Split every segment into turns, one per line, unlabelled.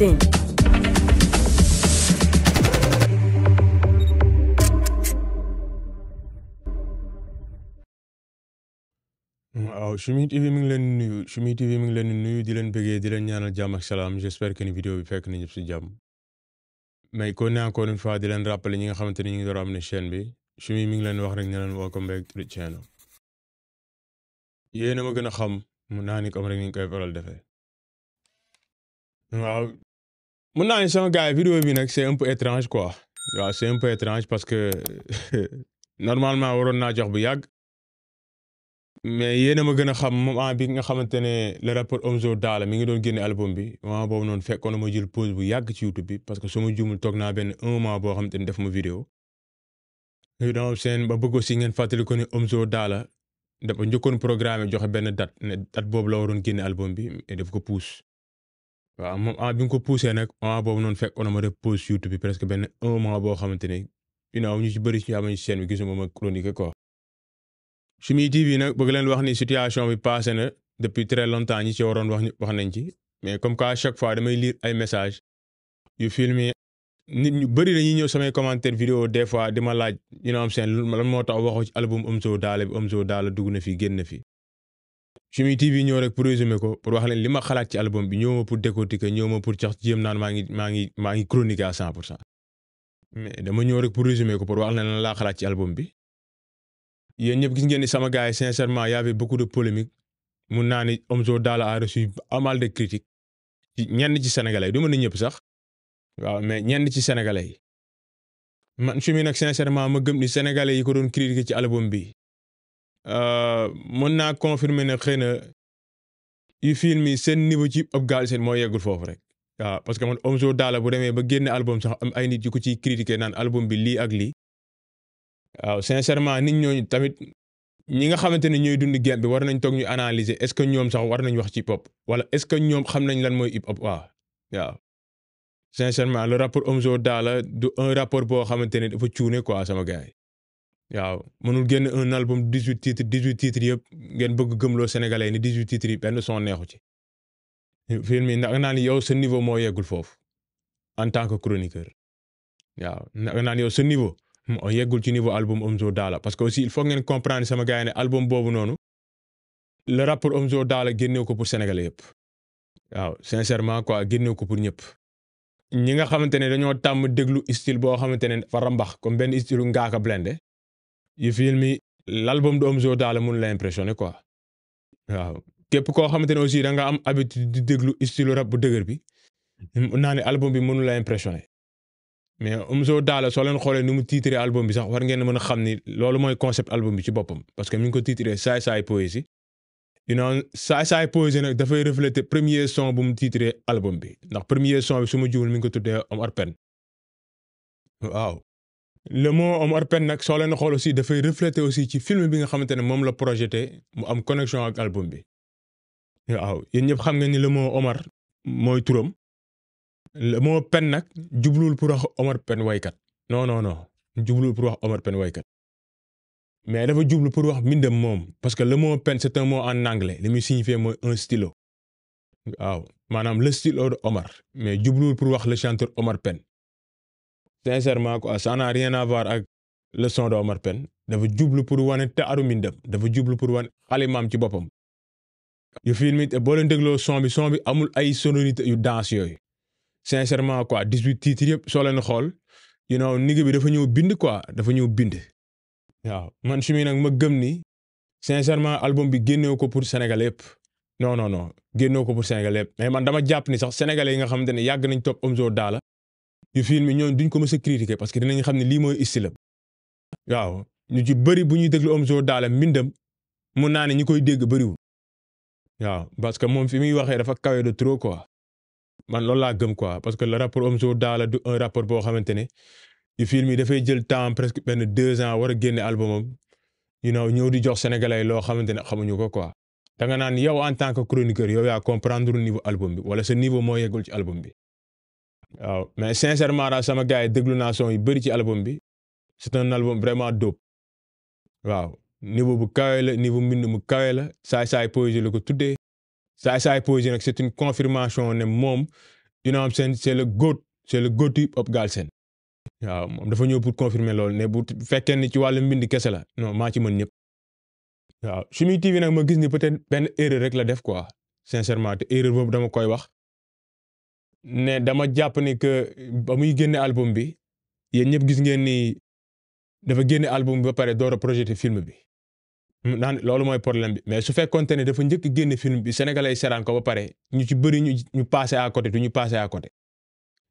waaw Choumi TV mi ngi leen nuyu Choumi TV mi ngi leen nuyu di leen bëggee di leen ñaanal jàmm ak salaam j'espère que ni vidéo bi fekk na ñëpp si jàmm mais kon ne encore une fois di leen rappale ñi nga xamante ni ñu ngi door am ne chaîne bi Choumi mi ngi leen wax rek ne leen welcome back to the channel yéen a ma gën a xam mu naa ni comme rek ni ñu koy faral defee waaw mën naa ne sama gars yi vidéo bi nag c'est un peu étrange quoi waaw c'est un peu étrange parce que normalement waroon naa jox bu yàgg mais yéen a ma gën a xam moom moment bi nga xamante ne le rapport Omzo daala mi ngi doon génne album bi moment boobu noon fekkoon na ma jël bu yàgg ci YouTube bi parce que su ma juumul toog naa benn un mois boo xamante ne def ma vidéo dama seen ba bëgg si ngeen fàttali ko ne daala Dollar dafa programme joxe benn date ne boobu la waroon génne album bi et ko pousse waaw moom ah bi nga ko poussé nag moment boobu noonu fekkoon na ma def pause YouTube bi presque benn un mois boo xamante ne ginnaaw ñu ci bëri ci amuñu chaîne bi gisuma ma chronique quoi. Choumi TV nag bëgg leen wax ni situation bi passé na depuis très longtemps ñi ci waroon wax wax nañ ci mais comme que chaque fois damay lire ay messages yu filmé nit ñu bëri dañuy ñëw samay commentaire vidéo des fois di ma laaj ñu naan seen lan moo tax waxoo ci album Omzo Dollar bi Omzo Dollar dugg na fi génn fi. Choumi TV ñëw rek pour résumer ko pour wax leen li ma xalaat ci album bi ñëw ma pour décortiquer ñëw pour cax jéem naan maa ngi maa ngi maa ngi chroniquer à cent pour cent mais dama ñëw rek pour résumer ko pour wax leen lan laa xalaat ci album bi. yéen ñëpp gis ngeen ni sama gars yi sincèrement y avait beaucoup de polémique mun naa ni Omzo Dollar a reçu pas de critiques ci ñenn ci sénégalais yi du ma ne ñëpp sax waaw mais ñenn ci sénégalais yi man Choumi nag sincèrement ma gëm ni sénégalais yi ko doon critiquer ci album bi. Euh, mën naa confirmer ne xëy na yu film yi seen niveau ci ab gaal seen moo yeggul foofu rek waaw parce que man Omzo daala bu demee ba génn album sax am ay nit yu ko ciy critiquer naan album bi lii ak lii waaw sincèrement nit ñooñu tamit ñi nga xamante ne ñooy dund game bi war nañ toog ñu analyser est-ce que ñoom sax war nañ wax ci hip wala est-ce que ñoom xam nañ lan mooy hip hop waaw waaw sincèrement le rapport Omzo daala du un rapport boo xamante ne dafa cuune quoi sama yi waaw mënul génn un album dix huit titres dix huit yëpp ngeen bëgg gëmloo sénégalais yi ni dix huit benn son neexu ci. film yi nag naa ni yow sa niveau moo yeggul foofu en tant que chroniqueur waaw nag naa ni yow sa niveau moo yeggul ci niveau album Omzo Dollar parce que aussi il faut ngeen comprendre sama gars yi ne album boobu noonu la rapport Omzo Dollar génneew ko pour sénégalais yëpp. waaw sincèrement quoi génneew ko pour ñëpp. ñi nga xamante ne dañoo tàmm déglu style boo xamante ne fa rambax comme benn style ngaaka blende i filmi l'album de Omzo Dollar mun la impressionné quoi waaw képp koo xamante ne aussi da nga am habitude di déglu style rap bu dëgër bi naa ne album bi mënu la impressionné mais Omzo Dollar soo leen xoolee nu mu titré album bi sax war ngeen mën a xam ni loolu mooy concept album bi ci boppam parce que mi ngi ko titré saay saay poésie you know saay saay poésie nag dafay refléter premier son bu mu titré album bi ndax premier son bi su ma juumul mi ngi ko tuddee Omar Pène waaw le mot Omar Pène nag soo leen xool aussi dafay refléter aussi ci film bi nga xamante ne moom la projeté mu am connexion ak album bi waaw yéen ñëpp xam nga ni la moo Omar mooy turam le mot Pène nag jubluwul pour wax Omar pen waykat non non non jubluwul pour wax Omar Pène waykat mais dafa jublu pour wax mbindam moom parce que le mot Pène moo un mot en anglais li muy signifier mooy un stylo waaw maanaam le stylo de Omar mais jubluwul pour wax la chanteur Omar Pène sincèrement ko ça n'a rien à voir ak leçon d'Omar Pène dafa jublu pour wane te aru dafa jublu pour wane xale maam ci boppam. yu film it boo leen dégloo son bi bi amul ay sonorité yu danse yooyu sincèrement quoi 18 titres yëpp soo leen xool you know nigga bi dafa ñëw bind quoi dafa ñëw bind. waaw man su nag ma gëm ni sincèrement album bi génnew ko pour Sénégal yëpp non non non ko pour Sénégal yëpp mais man dama jàpp ni sax sénégalais yi nga xamante ne yàgg nañ topp Omzo Dollar ñu film yi ñoom duñ ko mës a critiquer parce que dinañ xam ne lii mooy istilam waaw ñu ji bëri bu ñuy déglu Omzo Dollar mbindam mun naa ne ñi koy dégg bëriwul waaw parce que moom fi muy waxee dafa kawe de trop quoi man loolu laa gëm quoi parce que la rapport Omzo Dollar du un rapport boo xamante ne yu film yi dafay jël temps presque benn deux ans war a génne albumam you know ñëw di jox sénégalais loo xamante ne xamuñu ko quoi da nga naan yow en tant que chroniqueur yow yaa comprendre niveau album bi wala sa niveau moo yeggul ci album bi waaw mais sincèrement daal sama gars yi déglu yi bëri ci album bi c'est un album vraiment dope waaw niveau bu kawe niveau mbind mu kawe la saay saay poésie la ko tuddee saay saay poésie nag c'est une confirmation ne moom you know am seen c'est le goat c'est le goat of Galsen waaw moom dafa ñëw pour confirmer loolu ne bu fekkee ni ci wàllu mbind kese la non maa ci mën ñëpp waaw Choumi TV nag ma gis ni peut-être benn erreur rek la def quoi sincèrement te boobu dama koy wax ne dama jàpp ni que ba muy génne album bi yéen ñëpp gis ngeen ni dafa génne album bi ba pare door a projeté film bi naan loolu mooy problème bi mais su fekkoonte ne dafa jëkk génne film bi sénégalais seraan ko ba pare ñu ci bëri ñu ñu passé à côté du ñu passé à côté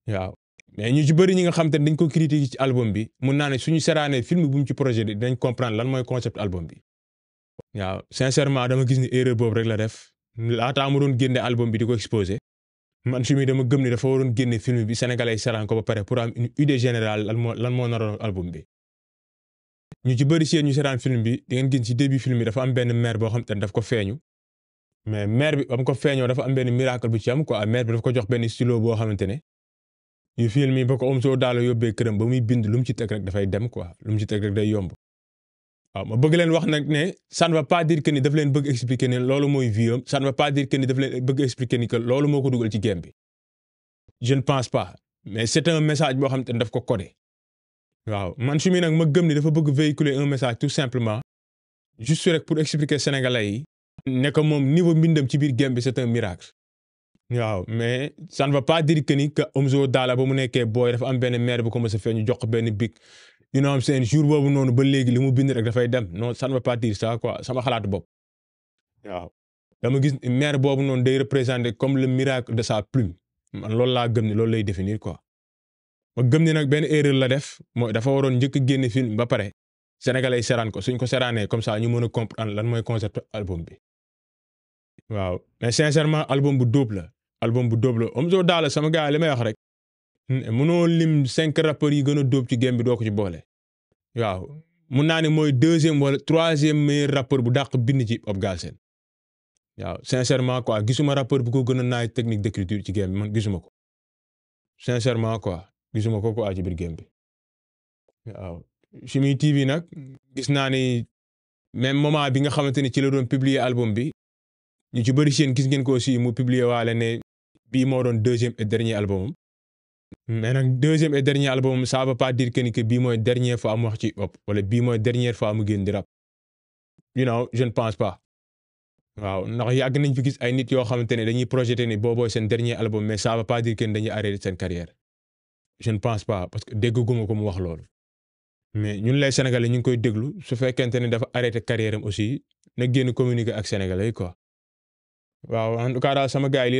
waaw mais ñu ci bëri ñu nga xam te ne dañ ko critiqué ci album bi mu naa ne suñu seraanee film bu mu ci projet bi dinañ comprendre lan mooy concept album bi waaw sincèrement dama gis ni erreur boobu rek la def laataa mu doon génne album bi di ko exposé man su dama gëm ni dafa waroon génne film bi sénégalais yi saraan ko ba pare pour am une idée générale lan moo lan moo naroon album bi. ñu ci bëri seen ñu saraan film bi di ngeen gis ci début film bi dafa am benn mère boo xam ne daf ko feeñu mais mère bi ko feeñoo dafa benn miracle bu ci am quoi mère bi dafa ko jox benn stylo boo xamante ne. yu film yi ba ko om soo daalo yóbbee këram ba muy bind lu mu ci teg rek dafay dem quoi lu mu ci teg rek day yomb. waaw ah, ma bëgg leen wax nag ne ça ne va pas dire que ni daf leen bëgg expliquer ne loolu mooy vie am ça ne va pas dire que ni daf leen bëgg expliquer ni que loolu moo ko dugal ci game bi je pense pas mais c'est un message boo xam te daf ko codé waaw man su mi nag ma gëm ni dafa bëgg véhiculer un message tout simplement juste rek pour expliquer sénégalais yi ne que moom niveau mbindam ci biir game bi c'est un miracle waaw mais ça ne va pas dire que ni que Omzo Dollar ba mu nekkee booy dafa benn maire bu ko mos a feeñ ñu jox benn bic you know seen jour boobu noonu ba léegi lu mu bind rek dafay dem non ça ne veut pas dire sama xalaatu bopp waaw dama gis maire boobu noonu day représenter comme le miracle de sa plume man loolu laa gëm ne loolu lay définir quoi ma gëm ne nag benn erreur la def mooy dafa waroon njëkk a génne film ba pare sénégalais seraan ko suñ ko seraanee comme ça ñu mën a comprendre lan mooy concept album bi waaw mais sincèrement album bu dóob la album bu dóob la Omzo Dollar sama gars li may wax rek mënoo lim cinq rappeurs yi gën a dóob ci game bi doo ko ci boole waaw mun naa ne mooy deuxième wala troisième meilleur rappeur bu dàq bind ci Up Galsen waaw sincèrement quoi gisuma rappeur bu ko gën a naay technique d'écriture ci game bi gisuma ko sincèrement quoi gisuma ko quoi ci biir bi waaw Choumi TV nag gis naa ni même moment bi nga xamante ni ci la doon publier album bi ñu ci bëri seen gis ngeen ko aussi mu publier waale ne bii moo doon deuxième et dernier albumam mais nag deuxième et dernier album ça veut pas dire que ni que bii mooy dernière fois mu wax ci hip wala bii mooy dernière fois mu génn di rap you know je ne pense pas waaw ndax yàgg nañ fi gis ay nit yoo xamante ne dañuy projeté ni boobooy seen dernier album mais ça veut pas dire que ni dañuy arrêté seen carrière je ne pense pas parce que dégguma ko mu wax loolu mais ñun lay sénégalais ñu ngi koy déglu su fekkente ne dafa arrêté carrière am aussi na génn communiquer ak sénégalais yi quoi. waaw en tout cas daal sama gars yi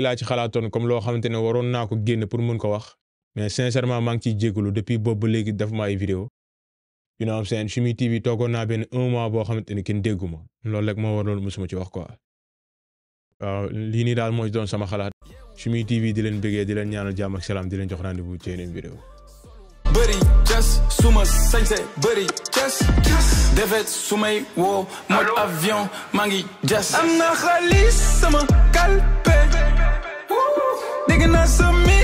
ne waroon naa ko génn pour mun ko wax mais sincèrement maa ngi ciy jégalu depuis boobu ba léegi def ma ay vidéo you know seen Choumi TV toogoon naa benn un mois boo xamante ni kenn déggu ma loolu rek moo waroon mosuma ci wax quoi waaw lii nii daal mooy doon sama xalaat Choumi TV di leen bëggee di leen ñaanal jàmm ak salaam di leen jox rendez-vous ci yeneen vidéo bëri cas suma sañse bëri cas defet sumay woo mode avion maa jas am na xaalis sama kalpe dégg naa